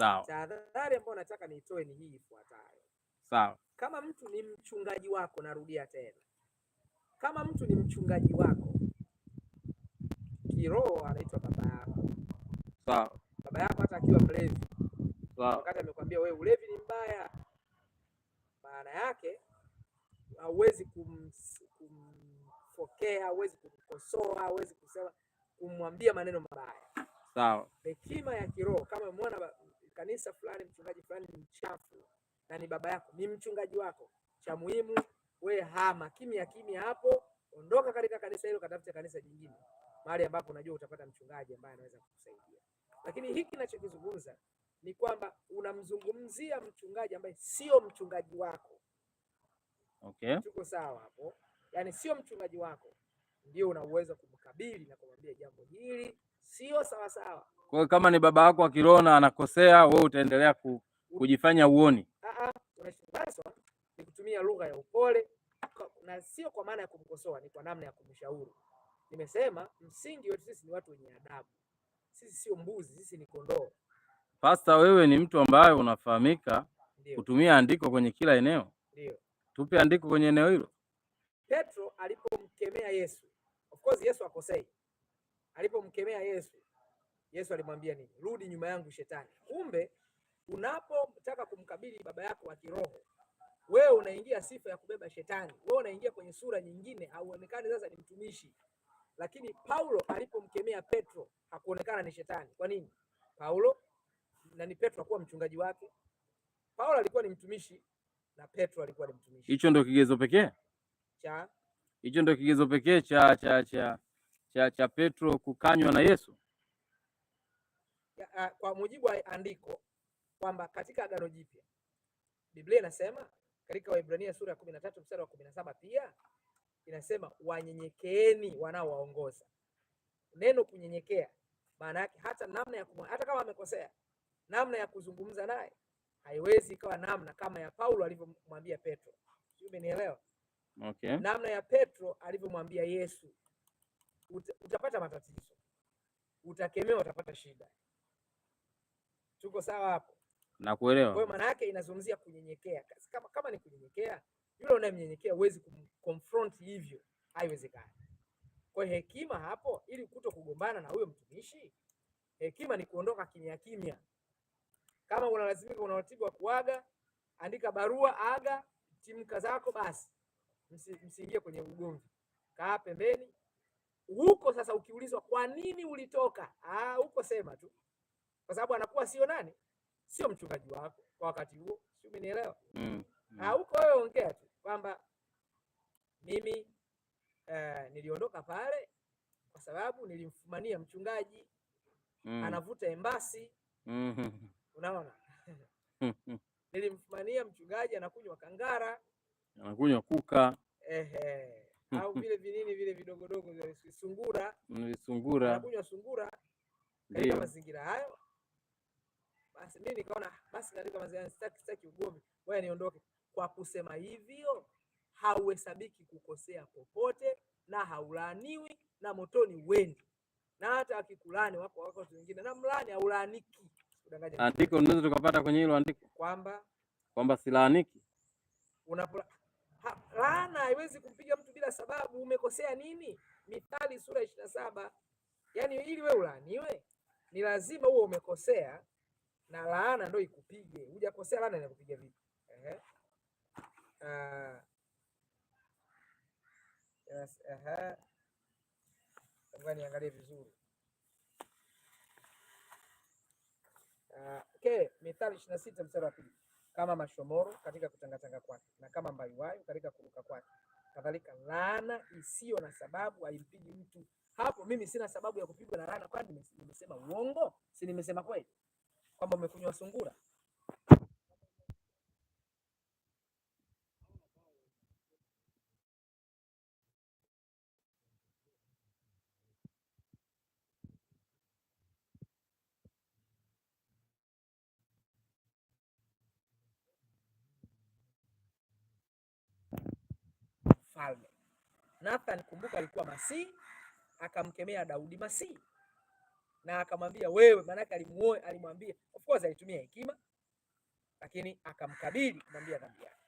Sawa. Tahadhari ambayo nataka niitoe ni hii ifuatayo. Sawa. Kama mtu ni mchungaji wako, narudia tena, kama mtu ni mchungaji wako kiroho, anaitwa baba yako. Sawa. Baba yako hata akiwa mlevi, wakati amekwambia wewe ulevi ni mbaya, maana yake hauwezi kumfokea, hauwezi kumkosoa, hauwezi kusema kumwambia maneno mabaya. Sawa. Hekima ya kiroho kama mwana kanisa fulani, mchungaji fulani ni mchafu na ni baba yako, ni mchungaji wako, cha muhimu we hama kimya kimya hapo, ondoka katika kanisa hilo, katafute kanisa jingine, mahali ambapo unajua utapata mchungaji ambaye anaweza kukusaidia. Lakini hiki ninachokizungumza ni kwamba unamzungumzia mchungaji ambaye sio mchungaji wako. Okay, tuko sawa hapo? Yani sio mchungaji wako, ndio una uwezo kumkabili na kumwambia jambo hili sio sawasawa. Kwa hiyo kama ni baba yako akiroho na anakosea, wewe utaendelea ku, kujifanya uoni? Unachopaswa ni kutumia lugha ya upole na sio kwa maana ya kumkosoa, ni kwa namna ya kumshauri. Nimesema msingi wetu sisi ni watu wenye adabu, sisi sio mbuzi, sisi ni kondoo. Pasta, wewe ni mtu ambaye unafahamika kutumia andiko kwenye kila eneo. Ndio. Tupe andiko kwenye eneo hilo. Petro alipomkemea Yesu, of course Yesu akosei alipomkemea Yesu, Yesu alimwambia nini? Rudi nyuma yangu shetani. Kumbe unapotaka kumkabili baba yako wa kiroho, wewe unaingia sifa ya kubeba shetani, wewe unaingia kwenye sura nyingine, hauonekani sasa ni mtumishi. Lakini Paulo alipomkemea Petro hakuonekana ni shetani. Kwa nini? Paulo na ni Petro akuwa mchungaji wake. Paulo alikuwa ni mtumishi na Petro alikuwa ni mtumishi. Hicho ndio kigezo pekee cha hicho ndio kigezo pekee cha cha cha cha, cha Petro kukanywa na Yesu? Kwa mujibu wa andiko kwamba katika Agano Jipya Biblia inasema katika Waebrania sura ya kumi na tatu mstari wa kumi na saba pia inasema wanyenyekeeni wanaowaongoza. Neno kunyenyekea maana yake hata namna ya kumwa, hata kama amekosea, namna ya kuzungumza naye haiwezi ikawa namna kama ya Paulo alivyomwambia Petro. Umenielewa? Okay. Namna ya Petro alivyomwambia Yesu utapata matatizo, utakemewa, utapata shida. Tuko sawa hapo? Nakuelewa. Kwa hiyo maana yake inazungumzia kunyenyekea. Kama, kama ni kunyenyekea, yule unayemnyenyekea huwezi kumconfront hivyo, haiwezekani. Kwa hiyo hekima hapo, ili kuto kugombana na huyo mtumishi, hekima ni kuondoka kimya kimya. Kama unalazimika, una uratibu wa kuaga, andika barua, aga timka zako basi, msiingie msi kwenye ugomvi, kaa pembeni huko sasa, ukiulizwa kwa nini ulitoka, ah, huko sema tu, kwa sababu anakuwa sio nani, sio mchungaji wako kwa wakati huo, si umenielewa? mm, mm. Ah, huko wewe ongea tu kwamba mimi eh, niliondoka pale kwa sababu nilimfumania mchungaji mm. anavuta embasi mm -hmm. unaona nilimfumania mchungaji anakunywa kangara, anakunywa kuka, ehe au vile vinini vile vidogodogo vya sungura, sungura kunywa sungura katika mazingira hayo. Basi mimi nikaona basi, katika mazingira sitaki, sitaki ugomvi, wewe niondoke. Kwa kusema hivyo, hauhesabiki kukosea popote na haulaaniwi na motoni wendi, na hata akikulani wako wako wengine na mlani haulaaniki. Andiko tunaweza tukapata kwenye hilo andiko kwamba kwamba silaaniki Unapula laana haiwezi kumpiga mtu bila sababu. Umekosea nini? Mithali sura ishirini na saba. Yaani ili wewe ulaaniwe ni lazima uwe umekosea na laana ndio ikupige. Hujakosea, laana inakupiga vipi? Ehe, uh, yes, -huh. niangalie vizuri uh, okay. Mithali ishirini na sita mstari wa pili kama Mashomoro katika kutangatanga kwake na kama Mbayuwayo katika kuruka kwake. Kadhalika, laana isiyo na sababu haimpigi mtu. Hapo mimi sina sababu ya kupigwa na laana, kwani nimesema uongo? Si nimesema kweli kwamba umekunywa sungura? Nathan kumbuka, alikuwa masii akamkemea Daudi masii na akamwambia wewe, maanake alimuoe, alimwambia of course, alitumia hekima, lakini akamkabili kumwambia dhambi yake.